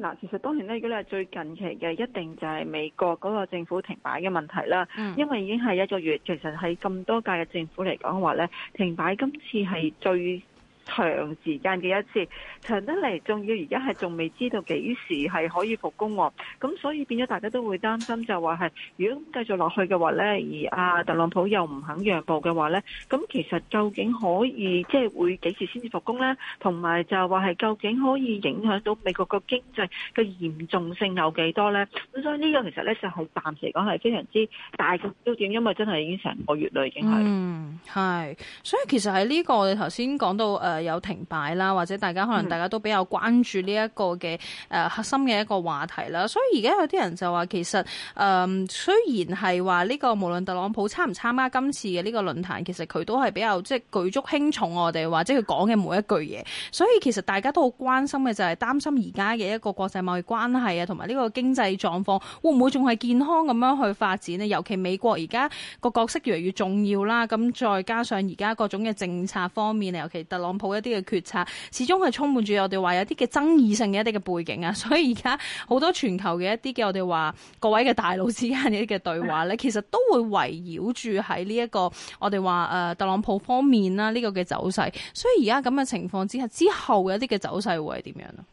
嗱，其實當然咧，如果你係最近期嘅，一定就係美國嗰個政府停擺嘅問題啦。因為已經係一個月，其實喺咁多屆嘅政府嚟講嘅話咧，停擺今次係最長時間嘅一次，長得嚟，仲要而家係仲未知道幾時係可以復工喎、啊。咁所以變咗大家都會擔心就，就話係如果繼續落去嘅話呢，而阿特朗普又唔肯讓步嘅話呢，咁其實究竟可以即係、就是、會幾時先至復工呢？同埋就話係究竟可以影響到美國個經濟嘅嚴重性有幾多呢？咁所以呢個其實呢，就係暫時嚟講係非常之大嘅焦點，因為真係已經成個月啦，已經係。嗯，係。所以其實喺呢、這個，我哋頭先講到誒。呃有停擺啦，或者大家可能大家都比較關注呢一個嘅誒核心嘅一個話題啦，嗯、所以而家有啲人就話，其實誒、嗯、雖然係話呢個無論特朗普參唔參加今次嘅呢個論壇，其實佢都係比較即係舉足輕重我哋，或者佢講嘅每一句嘢，所以其實大家都好關心嘅就係擔心而家嘅一個國際貿易關係啊，同埋呢個經濟狀況會唔會仲係健康咁樣去發展咧？尤其美國而家個角色越嚟越重要啦，咁再加上而家各種嘅政策方面，尤其特朗普。一啲嘅決策始終係充滿住我哋話有啲嘅爭議性嘅一啲嘅背景啊，所以而家好多全球嘅一啲嘅我哋話各位嘅大佬之間嘅一啲嘅對話咧，其實都會圍繞住喺呢一個我哋話誒特朗普方面啦，呢個嘅走勢，所以而家咁嘅情況之下，之後嘅一啲嘅走勢會係點樣啊？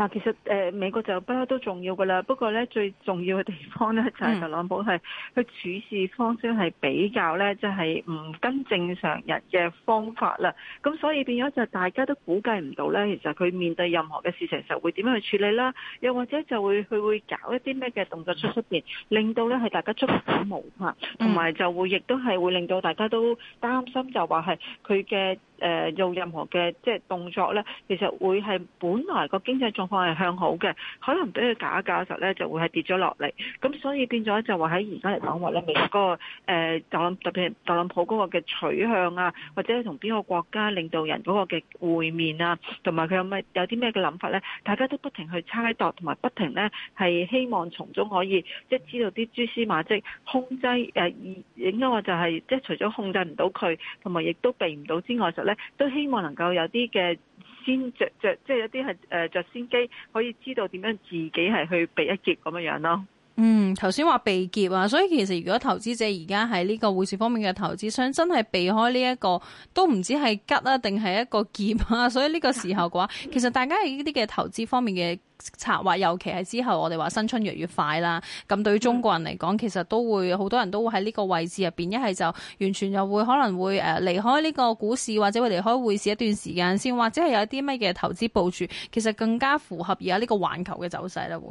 嗱，其實誒、呃、美國就不嬲都重要噶啦，不過咧最重要嘅地方咧就係、是、特朗普係佢處事方式係比較咧，即係唔跟正常人嘅方法啦。咁所以變咗就大家都估計唔到咧，其實佢面對任何嘅事情時候會點樣去處理啦，又或者就會佢會搞一啲咩嘅動作出出面，令到咧係大家捉摸無法，同埋、嗯、就會亦都係會令到大家都擔心，就話係佢嘅。誒、呃、用任何嘅即係動作咧，其實會係本來個經濟狀況係向好嘅，可能俾佢假假嘅時候咧，就會係跌咗落嚟。咁所以變咗就話喺而家嚟講話咧，美國誒就特別係特朗普嗰個嘅取向啊，或者係同邊個國家領導人嗰個嘅會面啊，同埋佢有咩有啲咩嘅諗法咧，大家都不停去猜度，同埋不停咧係希望從中可以即係知道啲蛛絲馬跡，控制誒、呃，應該話就係、是、即係除咗控制唔到佢，同埋亦都避唔到之外，時呢都希望能夠有啲嘅先着，著，即係有啲係誒着先機，可以知道點樣自己係去避一劫咁樣樣咯。嗯，頭先話被劫啊，所以其實如果投資者而家喺呢個匯市方面嘅投資，商，真係避開呢、這、一個，都唔知係吉啊定係一個劫啊。所以呢個時候嘅話，其實大家喺呢啲嘅投資方面嘅策劃，尤其係之後我哋話新春越嚟越快啦，咁對於中國人嚟講，其實都會好多人都會喺呢個位置入邊，一係就完全又會可能會離開呢個股市或者會離開匯市一段時間先，或者係有一啲咩嘅投資部署。其實更加符合而家呢個環球嘅走勢啦會。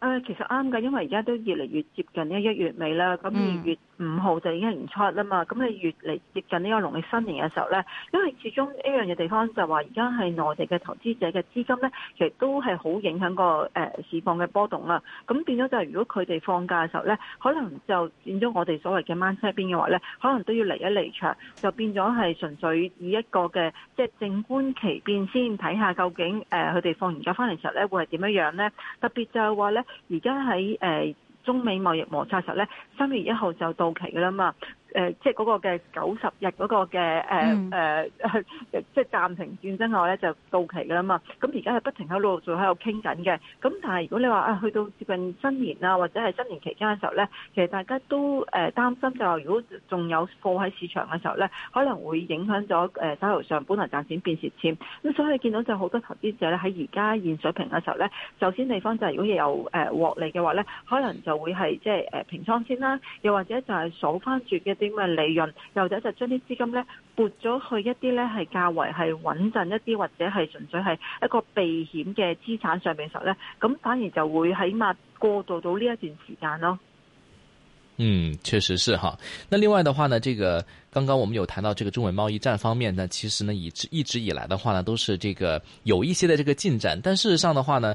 誒，其實啱嘅，因為而家都越嚟越接近一一月尾啦，咁二月。嗯五號就已經係年初一啦嘛，咁你越嚟接近呢個農曆新年嘅時候呢，因為始終一樣嘢地方就話而家係內地嘅投資者嘅資金呢，其實都係好影響個誒市況嘅波動啦。咁變咗就係如果佢哋放假嘅時候呢，可能就變咗我哋所謂嘅慢車邊嘅話呢，可能都要離一離場，就變咗係純粹以一個嘅即係靜觀其變先，睇下究竟誒佢哋放完假翻嚟嘅時候呢會係點樣樣呢。特別就係話呢，而家喺中美貿易摩擦時候咧，三月一號就到期嘅啦嘛。誒，即係嗰個嘅九十日嗰個嘅誒誒，即、呃、係、嗯呃就是、暫停戰爭外咧就到期㗎啦嘛。咁而家係不停喺度，仲喺度傾緊嘅。咁但係如果你話啊，去到接近新年啦、啊，或者係新年期間嘅時候咧，其實大家都誒、呃、擔心就話如果仲有貨喺市場嘅時候咧，可能會影響咗誒、呃、手頭上本嚟賺錢變蝕錢。咁所以你見到就好多投資者咧喺而家現水平嘅時候咧，首先地方就係如果有誒、呃、獲利嘅話咧，可能就會係即係誒平倉先啦，又或者就係數翻住嘅，啲咁嘅利潤，又或者就將啲資金呢撥咗去一啲呢，係較為係穩陣一啲，或者係純粹係一個避險嘅資產上面時候呢，咁反而就會起碼過渡到呢一段時間咯。嗯，確實是哈。那另外的話呢，這個剛剛我們有談到這個中美貿易戰方面呢，其實呢以一直以來的話呢，都是這個有一些的這個進展，但事實上的話呢。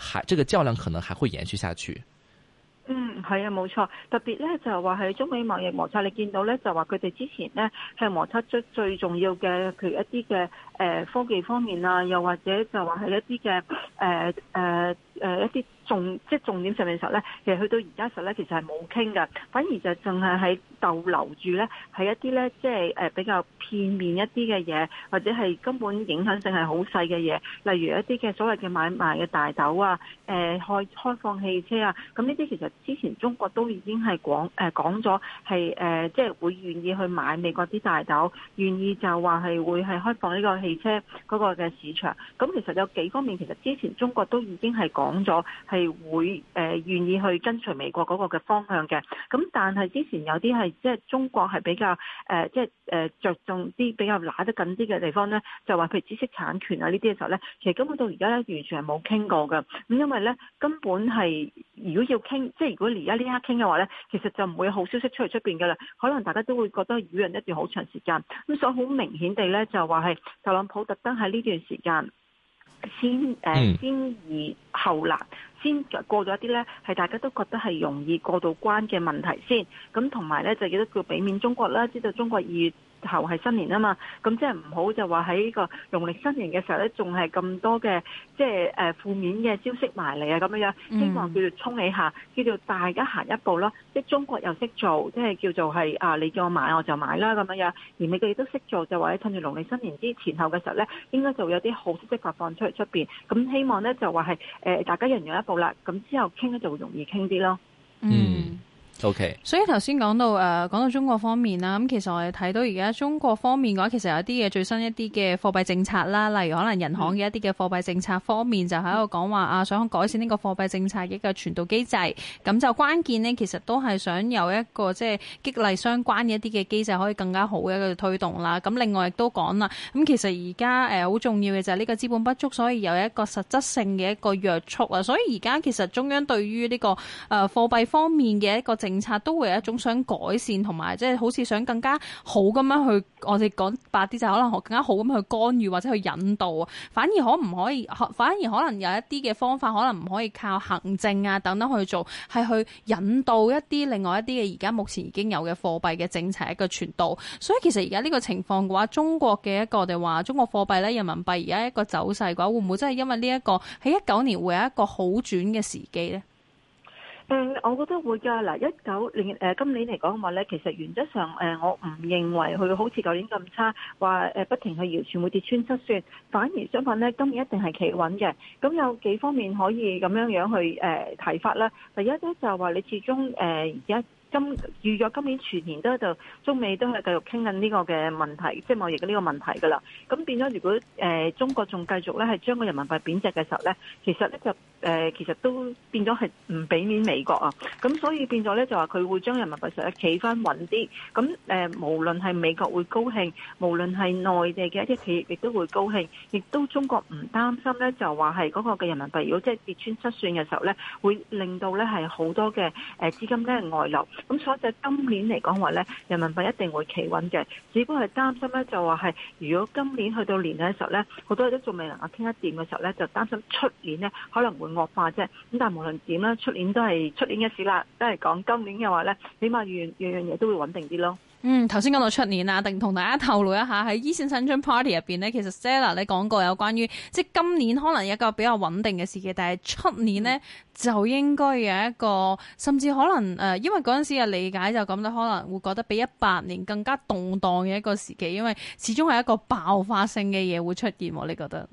還，這個較量可能還會延續下去。嗯。嗯，係啊，冇錯。特別咧就係話係中美貿易摩擦，你見到咧就話佢哋之前咧係摩擦出最重要嘅，譬如一啲嘅誒科技方面啊，又或者就話係一啲嘅誒一啲重即係重點上面嘅時候咧，其實去到而家時候咧其實係冇傾㗎，反而就淨係喺逗留住咧，係一啲咧即係比較片面一啲嘅嘢，或者係根本影響性係好細嘅嘢，例如一啲嘅所謂嘅買賣嘅大豆啊，誒開開放汽車啊，咁呢啲其實之。之前中國都已經係講誒講咗係誒，即係會願意去買美國啲大豆，願意就話係會係開放呢個汽車嗰個嘅市場。咁其實有幾方面，其實之前中國都已經係講咗係會誒、呃、願意去跟隨美國嗰個嘅方向嘅。咁但係之前有啲係即係中國係比較誒、呃，即係誒着重啲比較拿得緊啲嘅地方咧，就話譬如知識產權啊呢啲嘅時候咧，其實根本到而家咧完全係冇傾過嘅。咁因為咧根本係如果要傾，即係如果。而家呢刻傾嘅話呢，其實就唔會有好消息出嚟出邊嘅啦，可能大家都會覺得預人一段好長時間。咁所以好明顯地呢，就話係特朗普特登喺呢段時間先誒、呃嗯、先易後難，先過咗一啲呢，係大家都覺得係容易過到關嘅問題先。咁同埋呢，就記得叫俾面中國啦，知道中國二月後係新年啊嘛，咁即係唔好就話喺個農曆新年嘅時候咧，仲係咁多嘅即係誒負面嘅消息埋嚟啊，咁樣樣希望叫做衝起下，叫做大家行一步囉。即係中國又識做，即係叫做係啊，你叫我買我就買啦，咁樣樣而美國亦都識做，就或者趁住農曆新年之前後嘅時候咧，應該就會有啲好消息發放出出面，咁希望咧，就話係誒大家人讓一步啦。咁之後傾咧就會容易傾啲咯。嗯。嗯 O.K. 所以頭先講到誒、啊、講到中國方面啦，咁其實我哋睇到而家中國方面嘅話，其實有啲嘢最新一啲嘅貨幣政策啦，例如可能人行嘅一啲嘅貨幣政策方面，就喺度講話啊，想改善呢個貨幣政策嘅一個傳導機制。咁就關鍵呢，其實都係想有一個即係激勵相關嘅一啲嘅機制，可以更加好嘅一個推動啦。咁另外亦都講啦，咁其實而家誒好重要嘅就係呢個資本不足，所以有一個實質性嘅一個約束啊。所以而家其實中央對於呢個誒貨幣方面嘅一個政策政策都會有一種想改善同埋，即係好似想更加好咁樣去，我哋講白啲就可能學更加好咁去干預或者去引導，反而可唔可以？反而可能有一啲嘅方法，可能唔可以靠行政啊等等去做，係去引導一啲另外一啲嘅而家目前已經有嘅貨幣嘅政策一個傳導。所以其實而家呢個情況嘅話，中國嘅一個我哋話中國貨幣咧，人民幣而家一個走勢嘅話，會唔會真係因為呢一個喺一九年會有一個好轉嘅時機咧？誒，我覺得會㗎。嗱，一九年今年嚟講嘅話咧，其實原則上誒，我唔認為佢好似舊年咁差，話不停去搖，全會跌穿七算，反而相反咧，今年一定係企穩嘅。咁有幾方面可以咁樣樣去誒睇法啦。第一咧就係話，你始終誒而家今預咗今年全年都喺度，中美都係繼續傾緊呢個嘅問題，即係貿易嘅呢個問題㗎啦。咁變咗，如果、呃、中國仲繼續咧係將個人民幣貶值嘅時候咧，其實咧就誒，其實都變咗係唔俾面美國啊，咁所以變咗咧就話佢會將人民幣實質企翻穩啲，咁誒無論係美國會高興，無論係內地嘅一啲企業亦都會高興，亦都中國唔擔心咧就話係嗰個嘅人民幣如果即係跌穿失算嘅時候咧，會令到咧係好多嘅誒資金咧外流，咁所以就今年嚟講話咧，人民幣一定會企穩嘅，只不過係擔心咧就話係如果今年去到年底嘅時候咧，好多人都仲未能夠傾得掂嘅時候咧，就擔心出年咧可能會惡化啫，咁但係無論點啦，出年都係出年嘅事啦，都係講今年嘅話咧，起碼樣樣嘢都會穩定啲咯。嗯，頭先講到出年啊，定同大家透露一下喺依線新春 party 入邊咧，其實 Sara 你講過有關於即係今年可能有一個比較穩定嘅時期，但係出年咧就應該有一個甚至可能誒、呃，因為嗰陣時嘅理解就咁啦，可能會覺得比一八年更加動盪嘅一個時期，因為始終係一個爆發性嘅嘢會出現喎，你覺得？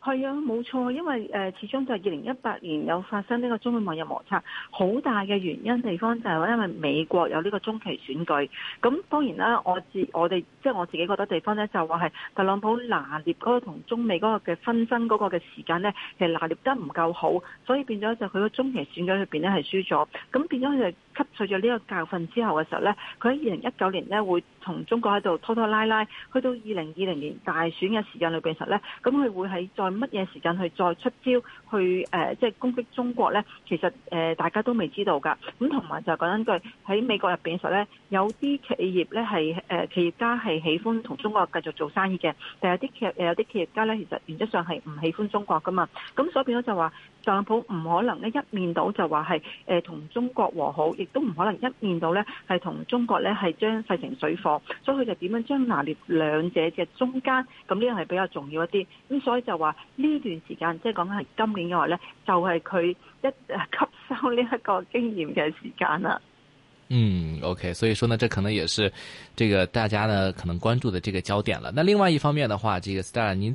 係啊，冇錯，因為誒始終就係二零一八年有發生呢個中美貿易摩擦，好大嘅原因地方就係話因為美國有呢個中期選舉，咁當然啦，我自我哋即係我自己覺得地方咧就話係特朗普拿捏嗰個同中美嗰個嘅紛爭嗰個嘅時間咧，其實拿捏得唔夠好，所以變咗就佢個中期選舉裏邊咧係輸咗，咁變咗佢哋。吸取咗呢個教訓之後嘅時候呢，佢喺二零一九年呢會同中國喺度拖拖拉拉，去到二零二零年大選嘅時間裏邊時候呢，咁佢會喺再乜嘢時間去再出招去誒，即係攻擊中國呢？其實誒、呃，大家都未知道噶。咁同埋就講一句喺美國入邊時候呢，有啲企業呢係誒企業家係喜歡同中國繼續做生意嘅，但有啲企誒有啲企業家呢，其實原則上係唔喜歡中國噶嘛。咁所以變咗就話。特朗普唔可能呢一面倒就話係誒同中國和好，亦都唔可能一面倒呢係同中國呢係將勢成水火，所以佢就點樣將拿捏兩者嘅中間，咁呢個係比較重要一啲。咁所以就話呢段時間，即係講緊係今年嘅話呢，就係、是、佢一、啊、吸收呢一個經驗嘅時間啦。嗯，OK，所以說呢，這可能也是，這個大家呢可能關注的這個焦點了。那另外一方面的話，這個 Stella，您。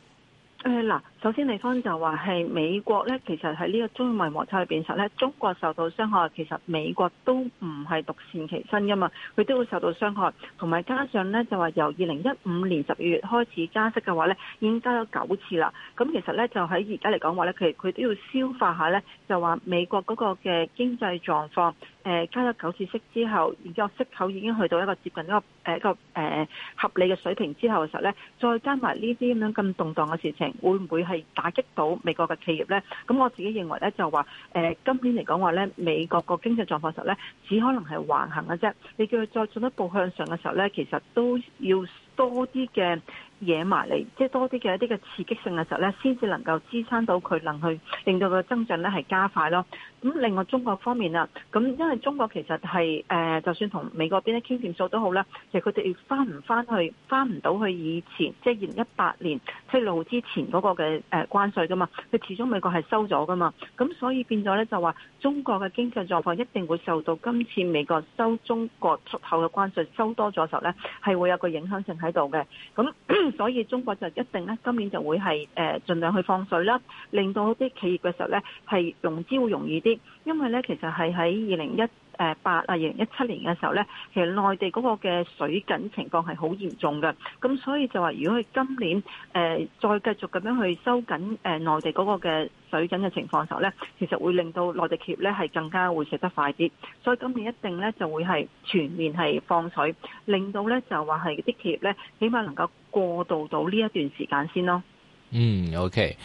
嗱、呃，首先你方就話係美國咧，其實喺呢個中美摩擦入邊實咧，中國受到傷害，其實美國都唔係獨善其身噶嘛，佢都會受到傷害。同埋加上咧，就話由二零一五年十二月開始加息嘅話咧，已經加咗九次啦。咁其實咧，就喺而家嚟講話咧，其實佢都要消化下咧，就話美國嗰個嘅經濟狀況。誒加咗九次息之後，然之後息口已經去到一個接近一個一個誒、呃、合理嘅水平之後嘅時候咧，再加埋呢啲咁樣咁動蕩嘅事情，會唔會係打擊到美國嘅企業咧？咁我自己認為咧，就話誒、呃、今年嚟講話咧，美國個經濟狀況時候咧，只可能係橫行嘅啫。你叫佢再進一步向上嘅時候咧，其實都要多啲嘅。惹埋嚟，即係多啲嘅一啲嘅刺激性嘅時候咧，先至能夠支撐到佢能去令到個增長咧係加快咯。咁另外中國方面啊，咁因為中國其實係誒就算同美國邊一傾點數都好啦，其實佢哋翻唔翻去，翻唔到去以前，即係二零一八年七路、就是、之前嗰個嘅誒關稅㗎嘛。佢始終美國係收咗噶嘛，咁所以變咗咧就話中國嘅經濟狀況一定會受到今次美國收中國出口嘅關稅收多咗時候咧，係會有個影響性喺度嘅。咁、嗯所以中國就一定咧，今年就會係誒盡量去放水啦，令到啲企業嘅時候咧係融資會容易啲，因為咧其實係喺二零一誒八啊二零一七年嘅時候咧，其實內地嗰個嘅水緊情況係好嚴重嘅，咁所以就話如果佢今年誒、呃、再繼續咁樣去收緊誒內地嗰個嘅水緊嘅情況時候咧，其實會令到內地企業咧係更加會食得快啲，所以今年一定咧就會係全面係放水，令到咧就話係啲企業咧，起碼能夠。過渡到呢一段時間先咯。嗯，OK，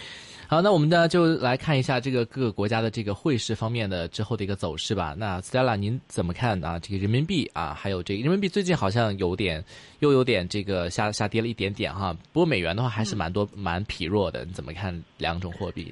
好，那我們呢就來看一下這個各個國家的這個匯市方面的之後的一個走勢吧。那 Stella，您怎麼看啊？這個人民幣啊，還有這個人民幣最近好像有點又有點這個下下跌了一點點哈、啊。不過美元的話還是蠻多蠻、嗯、疲弱的，你怎麼看兩種貨幣？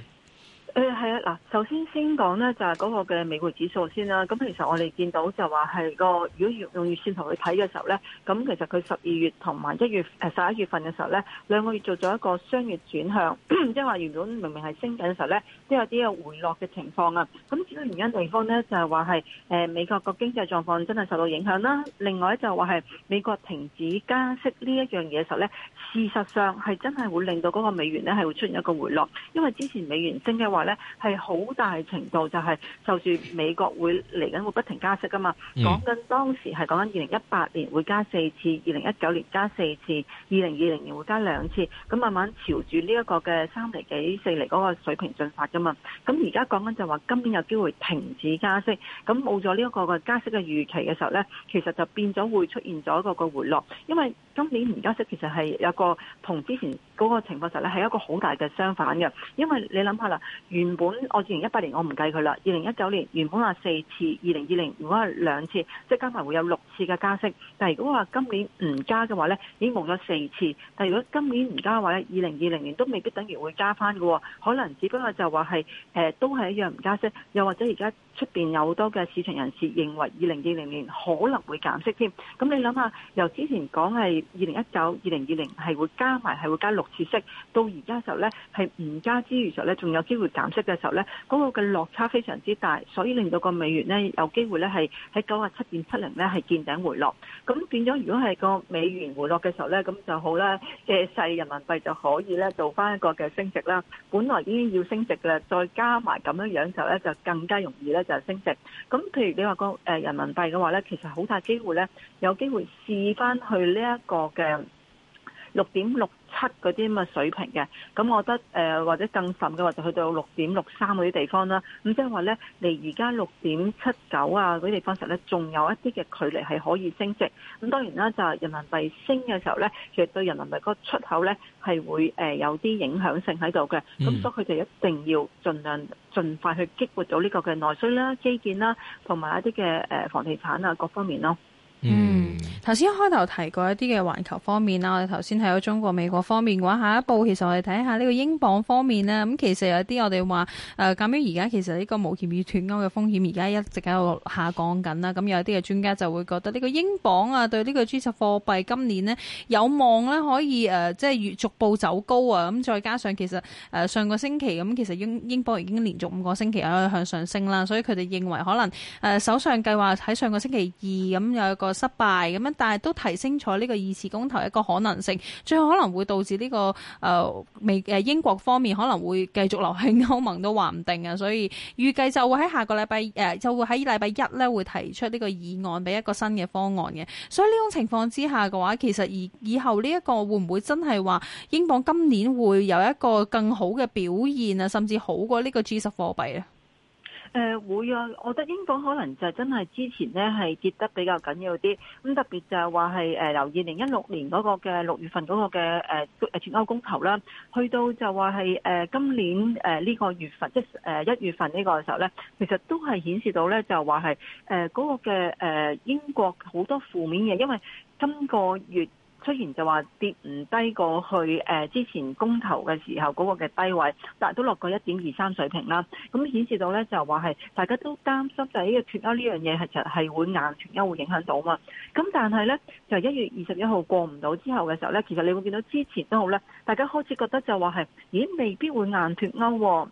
誒係、嗯、啊，嗱，首先先講呢，就係、是、嗰個嘅美匯指數先啦。咁其實我哋見到就話係、那個，如果用用月線圖去睇嘅時候呢，咁其實佢十二月同埋一月誒十一月份嘅時候呢，兩個月做咗一個雙月轉向，即係話原本明明係升緊嘅時候呢，都有啲有回落嘅情況啊。咁主要原因的地方呢，就係話係誒美國個經濟狀況真係受到影響啦。另外就話係美國停止加息呢一樣嘢嘅時候呢，事實上係真係會令到嗰個美元呢係會出現一個回落，因為之前美元升嘅話。咧係好大程度就係就住美國會嚟緊會不停加息噶嘛，講緊、嗯、當時係講緊二零一八年會加四次，二零一九年加四次，二零二零年會加兩次，咁慢慢朝住呢一個嘅三釐幾四釐嗰個水平進發噶嘛。咁而家講緊就話今年有機會停止加息，咁冇咗呢一個嘅加息嘅預期嘅時候呢，其實就變咗會出現咗一個回落，因為今年唔加息其實係有個同之前。嗰個情況實咧係一個好大嘅相反嘅，因為你諗下啦，原本我二零一八年我唔計佢啦，二零一九年原本話四次，二零二零如果係兩次，即係加埋會有六次嘅加息。但係如果話今年唔加嘅話咧，已經冇咗四次。但係如果今年唔加嘅話咧，二零二零年都未必等於會加翻喎。可能只不過就話係誒都係一樣唔加息。又或者而家出面有好多嘅市場人士認為二零二零年可能會減息添。咁你諗下，由之前講係二零一九、二零二零係會加埋係會加六息到而家時候咧，係唔加之餘嘅時候咧，仲有機會減息嘅時候咧，嗰個嘅落差非常之大，所以令到個美元咧有機會咧係喺九啊七點七零咧係見頂回落。咁變咗，如果係個美元回落嘅時候咧，咁就好啦。嘅勢人民幣就可以咧做翻一個嘅升值啦。本來已經要升值嘅，再加埋咁樣樣時候咧，就更加容易咧就升值。咁譬如你話個誒人民幣嘅話咧，其實好大機會咧有機會試翻去呢一個嘅。六點六七嗰啲咁嘅水平嘅，咁我覺得誒、呃、或者更甚嘅話就去到六點六三嗰啲地方啦，咁即係話咧，你而家六點七九啊嗰啲地方時候咧，仲有一啲嘅距離係可以升值，咁當然啦就係人民幣升嘅時候咧，其實對人民幣嗰個出口咧係會誒有啲影響性喺度嘅，咁、嗯、所以佢就一定要盡量盡快去激活到呢個嘅內需啦、基建啦，同埋一啲嘅誒房地產啊各方面咯。嗯，頭先開頭提過一啲嘅環球方面啦，我哋頭先睇咗中國、美國方面嘅話，下一步其實我哋睇下呢個英鎊方面啦。咁其實有啲我哋話誒，鑑於而家其實呢個無協議脫歐嘅風險而家一直喺度下降緊啦，咁、嗯、有啲嘅專家就會覺得呢個英鎊啊，對呢個 G10 貨幣今年呢有望呢可以誒、呃，即係越逐步走高啊，咁、嗯、再加上其實誒、呃、上個星期咁、嗯，其實英英鎊已經連續五個星期喺向上升啦，所以佢哋認為可能誒首相計劃喺上個星期二咁、嗯、有一個失敗咁樣，但係都提升咗呢個二次公投一個可能性，最後可能會導致呢個誒未誒英國方面可能會繼續留喺歐盟都話唔定啊，所以預計就會喺下個禮拜誒就會喺禮拜一咧會提出呢個議案，俾一個新嘅方案嘅，所以呢種情況之下嘅話，其實而以，以後呢一個會唔會真係話英鎊今年會有一個更好嘅表現啊，甚至好過呢個 G10 貨幣咧？誒會啊，我覺得英國可能就真係之前呢係跌得比較緊要啲，咁特別就係話係誒由二零一六年嗰個嘅六月份嗰個嘅誒誒全歐公投啦，去到就話係誒今年誒呢個月份即係誒一月份呢個時候呢，其實都係顯示到呢就話係誒嗰個嘅誒英國好多負面嘢，因為今個月。雖然就話跌唔低過去，誒之前公投嘅時候嗰個嘅低位，但係都落過一點二三水平啦。咁顯示到咧就話係大家都擔心，就係呢個脱歐呢樣嘢係其實係會硬脱歐，會影響到嘛。咁但係咧就一月二十一號過唔到之後嘅時候咧，其實你會見到之前都好咧，大家開始覺得就話係，咦，未必會硬脱歐喎。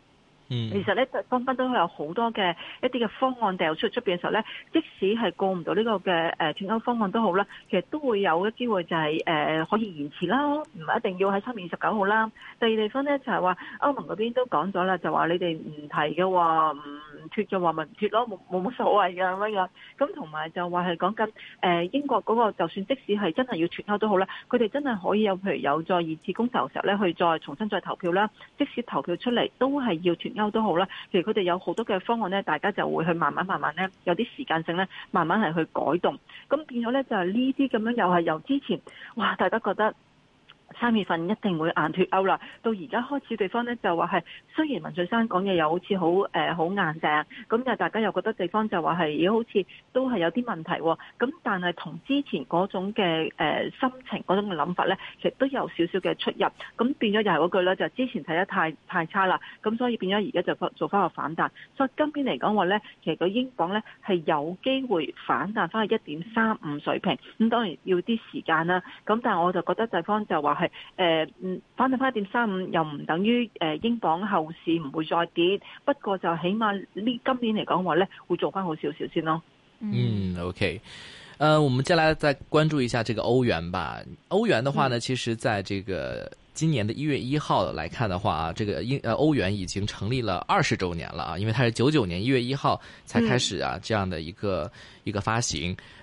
嗯、其實咧，當中都有好多嘅一啲嘅方案掉出出邊嘅時候咧，即使係過唔到呢個嘅誒脱歐方案都好啦，其實都會有一機會就係、是、誒、呃、可以延遲啦，唔係一定要喺三月二十九號啦。第二地方咧就係、是、話歐盟嗰邊都講咗啦，就你話你哋唔提嘅話唔脱嘅話咪唔脱咯，冇冇乜所謂嘅乜嘢。咁同埋就話係講緊誒英國嗰、那個，就算即使係真係要脱歐都好啦，佢哋真係可以有譬如有再二次公投嘅時候咧，去再重新再投票啦。即使投票出嚟都係要脱都好啦，其實佢哋有好多嘅方案咧，大家就會去慢慢慢慢咧，有啲時間性咧，慢慢係去改動，咁變咗咧就係呢啲咁樣又係由之前，哇，大家覺得。三月份一定會硬脱歐啦。到而家開始，地方咧就話係，雖然文翠珊講嘢又好似好誒好硬淨，咁又大家又覺得地方就話係，而好似都係有啲問題，哦。咁但係同之前嗰種嘅誒、呃、心情嗰種嘅諗法咧，其實都有少少嘅出入。咁變咗又係嗰句啦，就之前睇得太太差啦。咁所以變咗而家就做翻個反彈。所以今天嚟講話咧，其實個英鎊咧係有機會反彈翻去一點三五水平。咁當然要啲時間啦。咁但係我就覺得地方就話。係誒，嗯、呃，反彈翻一點三五又唔等於誒、呃、英鎊後市唔會再跌，不過就起碼呢今年嚟講話咧，會做翻好少少先咯。嗯，OK，誒、呃，我們接下來再關注一下這個歐元吧。歐元的話呢，其實在這個今年的一月一號來看的話啊，嗯、這個英誒歐元已經成立了二十周年了啊，因為它是九九年一月一號才開始啊、嗯、這樣的一個一個發行。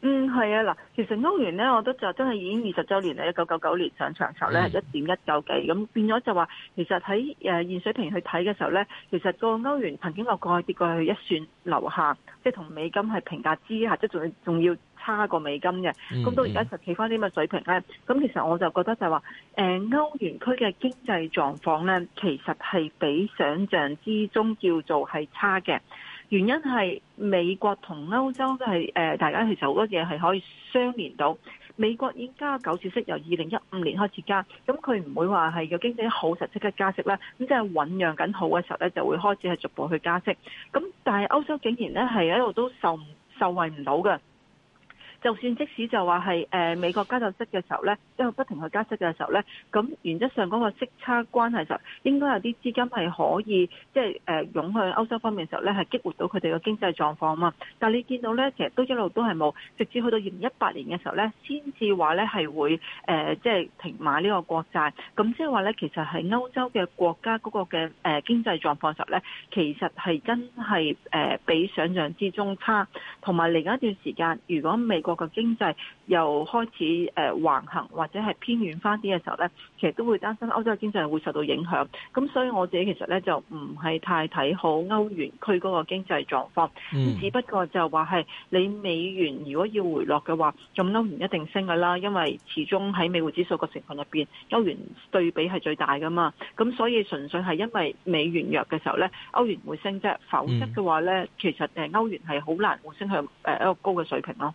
嗯，係啊，嗱，其實歐元咧，我覺得就真係已經二十週年啦，一九九九年上場時候咧，一點一九幾，咁變咗就話，其實喺誒現水平去睇嘅時候咧，其實個歐元曾經落過跌過去一算樓下，即係同美金係平價之下，即仲要仲要差過美金嘅。咁、嗯、到而家就企翻啲咩水平咧？咁其實我就覺得就話，誒歐元區嘅經濟狀況咧，其實係比想像之中叫做係差嘅。原因係美國同歐洲都係誒，大家其實好多嘢係可以相連到。美國，已經加九次息由二零一五年開始加，咁佢唔會話係個經濟好實質嘅加息啦，咁即係醖釀緊好嘅時候咧，就會開始係逐步去加息。咁但係歐洲竟然咧係一路都受受惠唔到嘅。就算即使就話係誒美國加就息嘅時候咧，因為不停去加息嘅時候咧，咁原則上嗰個息差關係就應該有啲資金係可以即係誒湧去歐洲方面嘅時候咧，係激活到佢哋嘅經濟狀況啊嘛。但你見到咧，其實都一路都係冇，直至去到二零一八年嘅時候咧，先至話咧係會誒即係停買呢個國債咁即係話咧，其實係歐洲嘅國家嗰個嘅誒經濟狀況時候咧，其實係真係誒比想象之中差。同埋嚟緊一段時間，如果美個個經濟又開始誒橫行或者係偏軟翻啲嘅時候咧，其實都會擔心歐洲嘅經濟會受到影響。咁所以我自己其實咧就唔係太睇好歐元區嗰個經濟狀況。嗯、只不過就話係你美元如果要回落嘅話，咁歐元一定升噶啦，因為始終喺美匯指數個成分入邊，歐元對比係最大噶嘛。咁所以純粹係因為美元弱嘅時候咧，歐元會升即係。否則嘅話咧，其實誒歐元係好難會升向誒一個高嘅水平咯。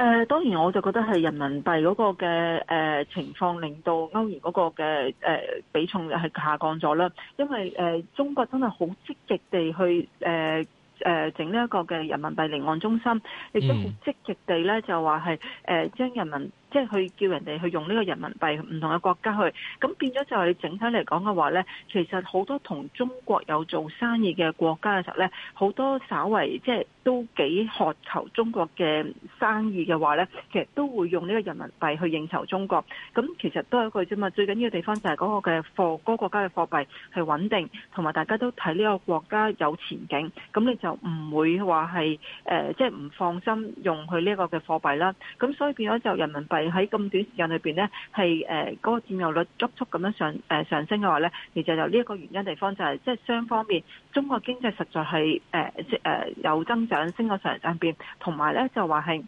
誒、呃、當然我就覺得係人民幣嗰個嘅誒、呃、情況令到歐元嗰個嘅誒、呃、比重係下降咗啦，因為誒、呃、中國真係好積極地去誒誒、呃、整呢一個嘅人民幣離岸中心，亦都好積極地咧就話係誒將人民即係去叫人哋去用呢個人民幣，唔同嘅國家去，咁變咗就係整體嚟講嘅話咧，其實好多同中國有做生意嘅國家嘅時候咧，好多稍為即係都幾渴求中國嘅生意嘅話咧，其實都會用呢個人民幣去應酬中國。咁其實都係一句啫嘛，最緊要嘅地方就係嗰個嘅貨，嗰個國家嘅貨幣係穩定，同埋大家都睇呢個國家有前景，咁你就唔會話係誒即係唔放心用佢呢個嘅貨幣啦。咁所以變咗就人民幣，.喺咁短時間裏邊咧，係誒嗰個佔有率急速咁樣上誒上升嘅話咧，其實就呢一個原因的地方就係即係雙方面，中國經濟實在係誒即誒有增長，升咗上上邊，同埋咧就話係。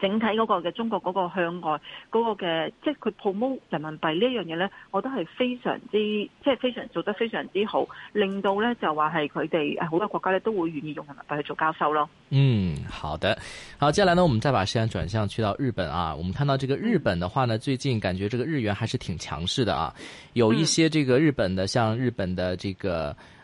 整體嗰個嘅中國嗰個向外嗰個嘅，即係佢 promote 人民幣呢一樣嘢呢，我覺得係非常之即係非常做得非常之好，令到呢就話係佢哋好多國家呢都會願意用人民幣去做交收咯。嗯，好的，好，接下來呢，我們再把時間轉向去到日本啊。我們看到這個日本的話呢，最近感覺這個日元還是挺強勢的啊，有一些這個日本的、嗯、像日本的這個。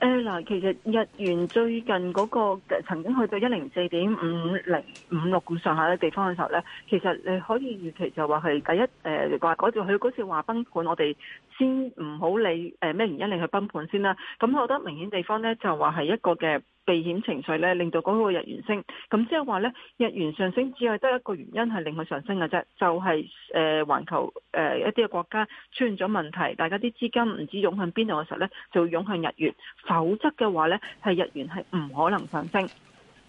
誒嗱，其實日元最近嗰個曾經去到一零四點五零五六咁上下嘅地方嘅時候呢，其實你可以預期就話係第一誒話嗰佢嗰次話崩盤，我哋先唔好理誒咩原因嚟去崩盤先啦。咁我覺得明顯地方呢，就話係一個嘅。避險情緒咧，令到嗰個日元升，咁即係話咧，日元上升只係得一個原因係令佢上升嘅啫，就係誒環球誒、呃、一啲嘅國家出現咗問題，大家啲資金唔知湧向邊度嘅時候咧，就會湧向日元，否則嘅話咧，係日元係唔可能上升，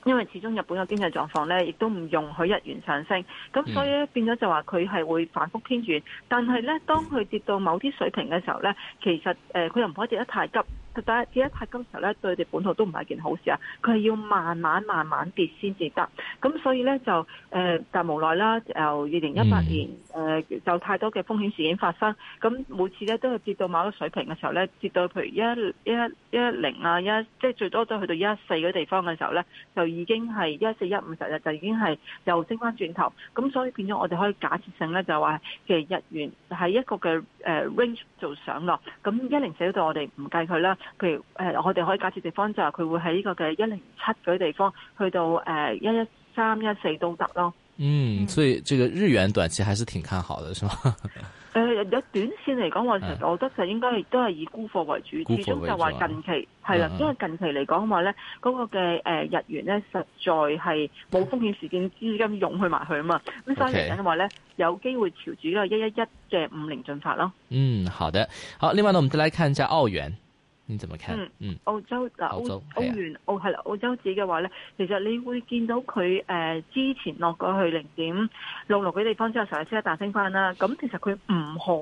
因為始終日本嘅經濟狀況咧，亦都唔容許日元上升，咁所以咧變咗就話佢係會反覆偏轉，但係咧當佢跌到某啲水平嘅時候咧，其實誒佢、呃、又唔可以跌得太急。但係跌得太急嘅時候咧，對我哋本土都唔係一件好事啊！佢係要慢慢慢慢跌先至得，咁所以咧就誒，但、呃、係無奈啦。誒、呃，二零一八年誒、呃、就太多嘅風險事件發生，咁每次咧都係跌到某一個水平嘅時候咧，跌到譬如一一一零啊一，即係最多都去到一四嗰地方嘅時候咧，就已經係一四一五十日就已經係又升翻轉頭，咁所以變咗我哋可以假設性咧就話其實日元喺一個嘅誒 range 做上落，咁一零四嗰度我哋唔計佢啦。譬如誒、呃，我哋可以假設地方就係佢會喺呢個嘅一零七嗰啲地方去到誒一一三一四都得咯。嗯，所以呢個日元短期還是挺看好的，是嘛？誒、呃，有短線嚟講話，我我覺得就應該都係以沽貨為主，始終、嗯、就話近期係啦、啊，因為近期嚟講話咧嗰、那個嘅誒日元咧實在係冇風險事件資金湧去埋去啊嘛，咁所以嚟話咧 Okay. 有機會朝住一個一一一嘅五零進發咯。嗯，好的，好。另外呢，我們再來看一下澳元。你點睇？嗯，澳洲嗱，歐歐元，澳係啦，澳洲紙嘅話咧，其實你會見到佢誒之前落過去零點六六嘅地方之後，成日即刻彈升翻啦。咁其實佢唔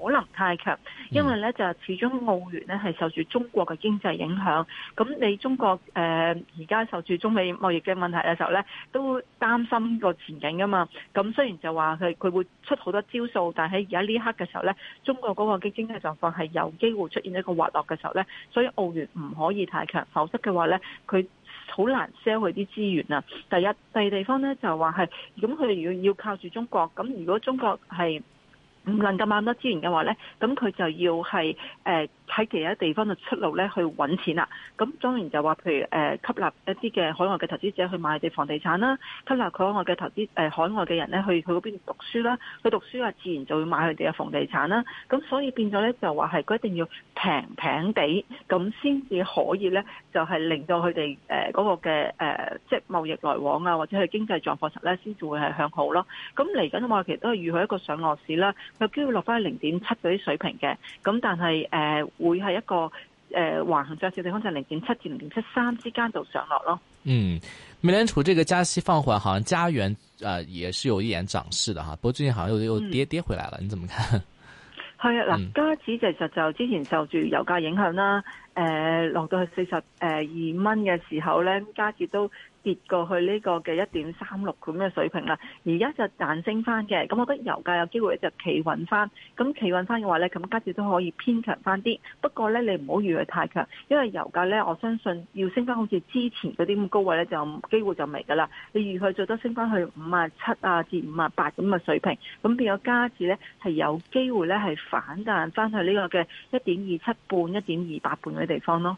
可能太強，因為咧就始終澳元咧係受住中國嘅經濟影響。咁、嗯、你中國誒而家受住中美貿易嘅問題嘅時候咧，都擔心個前景㗎嘛。咁雖然就話佢佢會出好多招數，但喺而家呢刻嘅時候咧，中國嗰個經經濟狀況係有機會出現一個滑落嘅時候咧，所以，澳元唔可以太強，否則嘅話呢，佢好難 sell 佢啲資源啊！第一、第二地方呢，就話係，咁佢要要靠住中國，咁如果中國係唔能夠買咁多資源嘅話呢，咁佢就要係誒。呃喺其他地方嘅出路咧，去揾錢啦。咁當然就話，譬如誒，吸納一啲嘅海外嘅投資者去買地房地產啦，吸納佢海外嘅投資誒，海外嘅人咧去佢嗰邊讀書啦，佢讀書啊，自然就會買佢哋嘅房地產啦。咁所以變咗咧，就話係佢一定要平平地，咁先至可以咧，就係令到佢哋誒嗰個嘅誒，即係貿易來往啊，或者佢經濟狀況實咧，先至會係向好咯。咁嚟緊嘅話，其實都係預佢一個上落市啦，有機會落翻喺零點七嗰啲水平嘅。咁但係誒。會係一個誒、呃、橫行在小地方，就零點七至零點七三之間度上落咯。嗯，美聯儲這個加息放緩，好像加元啊、呃、也是有一眼漲勢的哈。不過最近好像又又跌、嗯、跌回來了，你怎麼看？係啊，嗱、嗯，加指其實就之前受住油價影響啦，誒、呃、落到去四十誒二蚊嘅時候咧，加指都，跌過去呢個嘅一點三六咁嘅水平啦，而家就彈升翻嘅，咁我覺得油價有機會就企穩翻，咁企穩翻嘅話咧，咁加紙都可以偏強翻啲。不過咧，你唔好預佢太強，因為油價咧，我相信要升翻好似之前嗰啲咁高位咧，就機會就未噶啦。你預佢最多升翻去五啊七啊至五啊八咁嘅水平，咁變咗加紙咧係有機會咧係反彈翻去呢個嘅一點二七半、一點二八半嘅地方咯。